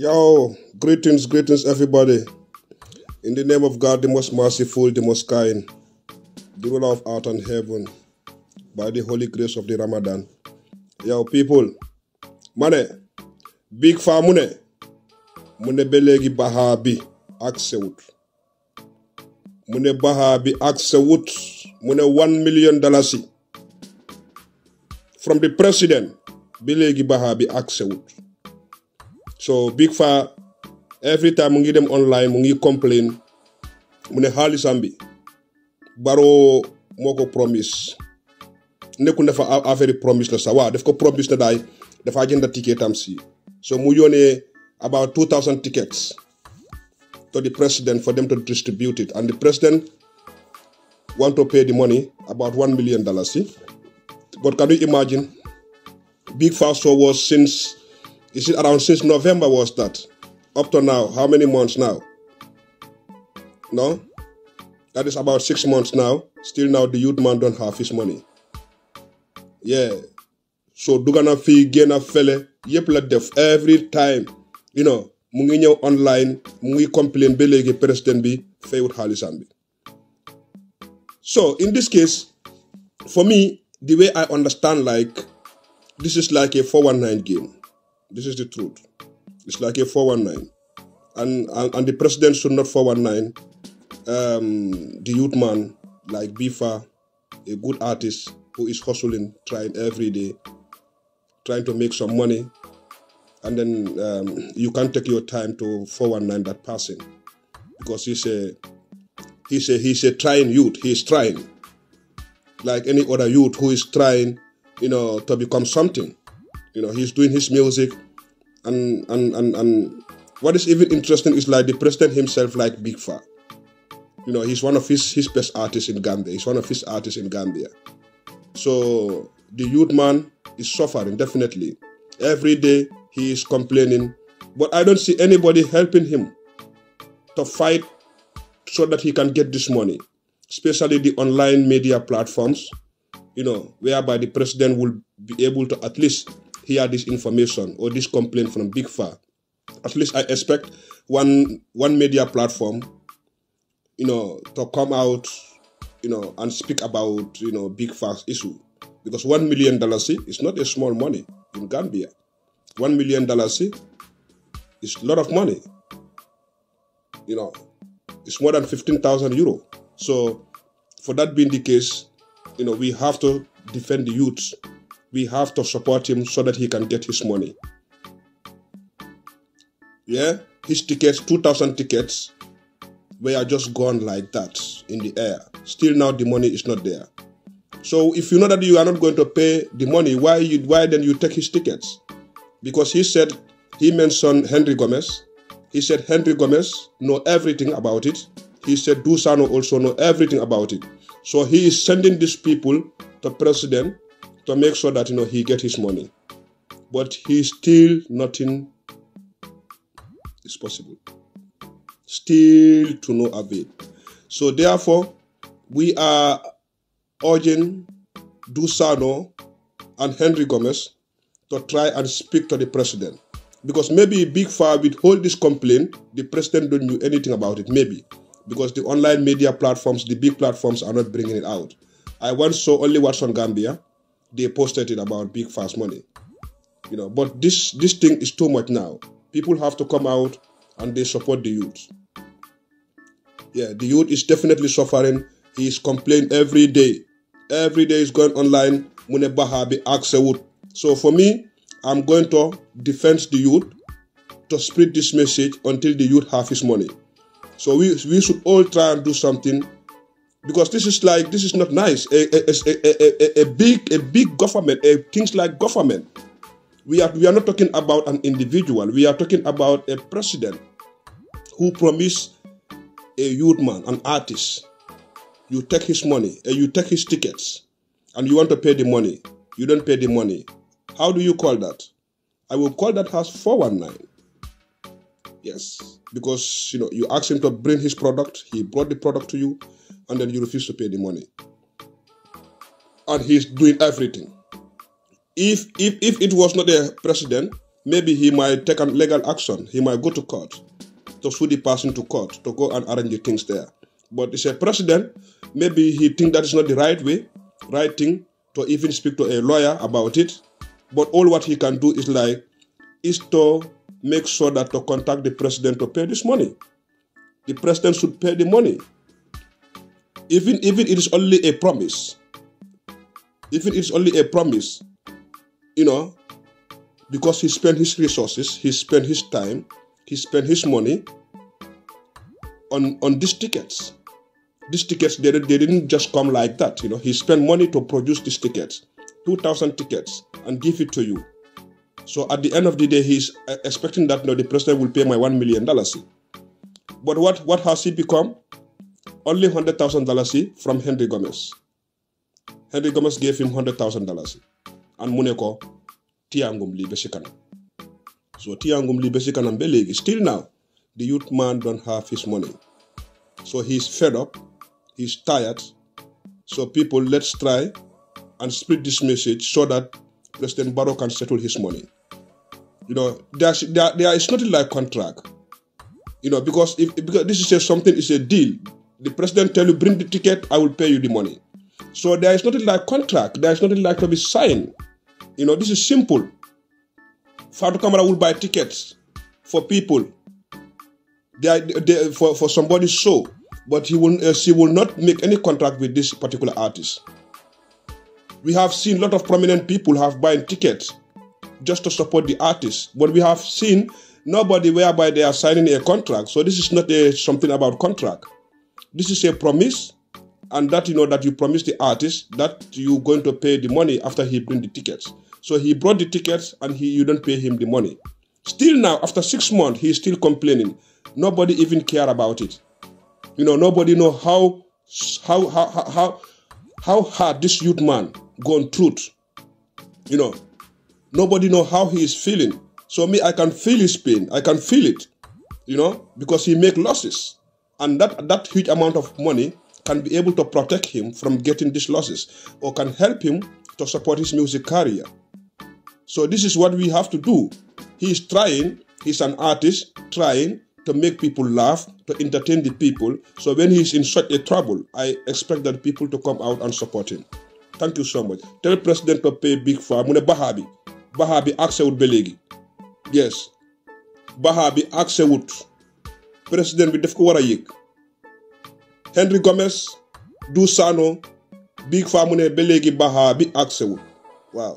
Yo, greetings, greetings, everybody. In the name of God, the most merciful, the most kind, the ruler of earth and heaven, by the holy grace of the Ramadan. Yo, people, mané big fa mu ne mu ne léegi baxa bi ak sewut mu ne baxa bi ak sewut mu ne one million dollars from the president ba léegi baxa bi ak sewut so Big Faa every time mu ngi dem online mu ngi complain mu ne xaalisam bi Barrow moo promise nekkul ne fa affaire promise la sax waaw daf ko promise na daay dafa jënd ticket am si so mu yónnee about two thousand tickets to the president for them to distribute it and the president want to pay the money about one million dollars but can you imagine Big Faa Sow was since is it around since November was that? Up to now, how many months now? No? That is about six months now. Still now the youth man don't have his money. Yeah. So dugana fi gena fele yep la def every time. You know, Munginio online mungi complain belege président bi fayut xaalisam bi so in this case for me the way I understand like this is like a 419 game this is the truth. It's like a 419. And, and, and the president should not 419 um, the youth man like Bifa, a good artist who is hustling, trying every day, trying to make some money. And then um, you can not take your time to 419 that person because he's a he's a he's a trying youth. He's trying like any other youth who is trying, you know, to become something. You know, he's doing his music, and and and and what is even interesting is like the president himself, like Big Fat. You know, he's one of his his best artists in Gambia. He's one of his artists in Gambia. So the youth man is suffering definitely. Every day he is complaining, but I don't see anybody helping him to fight so that he can get this money, especially the online media platforms, you know, whereby the president will be able to at least hear this information or this complaint from Big Far. At least I expect one one media platform, you know, to come out, you know, and speak about you know Big Far's issue, because one million dollars is not a small money in Gambia. One million dollars is a lot of money. You know, it's more than fifteen thousand euro. So, for that being the case, you know, we have to defend the youth we have to support him so that he can get his money. Yeah, his tickets, 2,000 tickets, were just gone like that in the air. Still now the money is not there. So if you know that you are not going to pay the money, why you why then you take his tickets? Because he said he mentioned Henry Gomez. He said Henry Gomez know everything about it. He said Dusano also know everything about it. So he is sending these people to president to make sure that you know he get his money. But he still nothing is possible. Still to no avail. So therefore, we are urging Dusano and Henry Gomez to try and speak to the president. Because maybe Big Fire withhold this complaint, the president don't know anything about it, maybe. Because the online media platforms, the big platforms are not bringing it out. I once saw only what's on Gambia they posted it about big fast money. You know, but this this thing is too much now. People have to come out and they support the youth. Yeah, the youth is definitely suffering. He's complaining every day. Every day is going online. Munebahabi wood. So for me, I'm going to defend the youth to spread this message until the youth have his money. So we, we should all try and do something because this is like this is not nice. A, a, a, a, a, big a big government, a things like government. We are we are not talking about an individual. We are talking about a president who promised a youth man, an artist. You take his money, eh, you take his tickets, and you want to pay the money. You don't pay the money. How do you call that? I will call that as 419. Yes, because you know you asked him to bring his product. He brought the product to you and then you refuse to pay the money. And he's doing everything. If if if it was not a president, maybe he might take an legal action. He might go to court to sue the person to court to go and arrange the things there. But it's a president, maybe he think that is not the right way, right thing to even speak to a lawyer about it. But all what he can do is like is to make sure that to contact the president to pay this money. The president should pay the money even even it is only a promise even it's only a promise you know because he spent his resources he spent his time he spent his money on on these tickets these tickets they, they didn't just come like that you know he spent money to produce these tickets 2000 tickets and give it to you so at the end of the day he's uh, expecting that you know, the president will pay my 1 million dollars but what what has he become only $100,000 from Henry Gomez. Henry Gomez gave him $100,000 and Muneko, ne ko tiyaangum so tiyaangum lii ba and kanam still now the youth man don't have his money so he's fed up he's tired so people let's try and split this message so that President Barrow can settle his money. You know, there's, there, there is nothing like contract. You know, because if because this is just something, it's a deal. The president tell you, bring the ticket, I will pay you the money. So there is nothing like contract. There is nothing like to be signed. You know, this is simple. Fatu Kamara will buy tickets for people. They, are, they for, for somebody's show, but he will uh, she will not make any contract with this particular artist. We have seen a lot of prominent people have buying tickets just to support the artist, but we have seen nobody whereby they are signing a contract. So this is not a, uh, something about contract this is a promise and that you know that you promised the artist that you're going to pay the money after he bring the tickets so he brought the tickets and he you don't pay him the money still now after six months he's still complaining nobody even care about it you know nobody know how how how how how hard this youth man gone through you know nobody know how he is feeling so me i can feel his pain i can feel it you know because he make losses and that that huge amount of money can be able to protect him from getting these losses or can help him to support his music career. So this is what we have to do. He is trying, he's an artist trying to make people laugh, to entertain the people. So when he's in such a trouble, I expect that people to come out and support him. Thank you so much. Tell President to pay Big for mune Bahabi. Bahabi access would be Yes. Bahabi access would. président bi daf ko war a yëg Henry Gomez du Sano bi faa mu ne ba léegi baaxaa bi accès wul waaw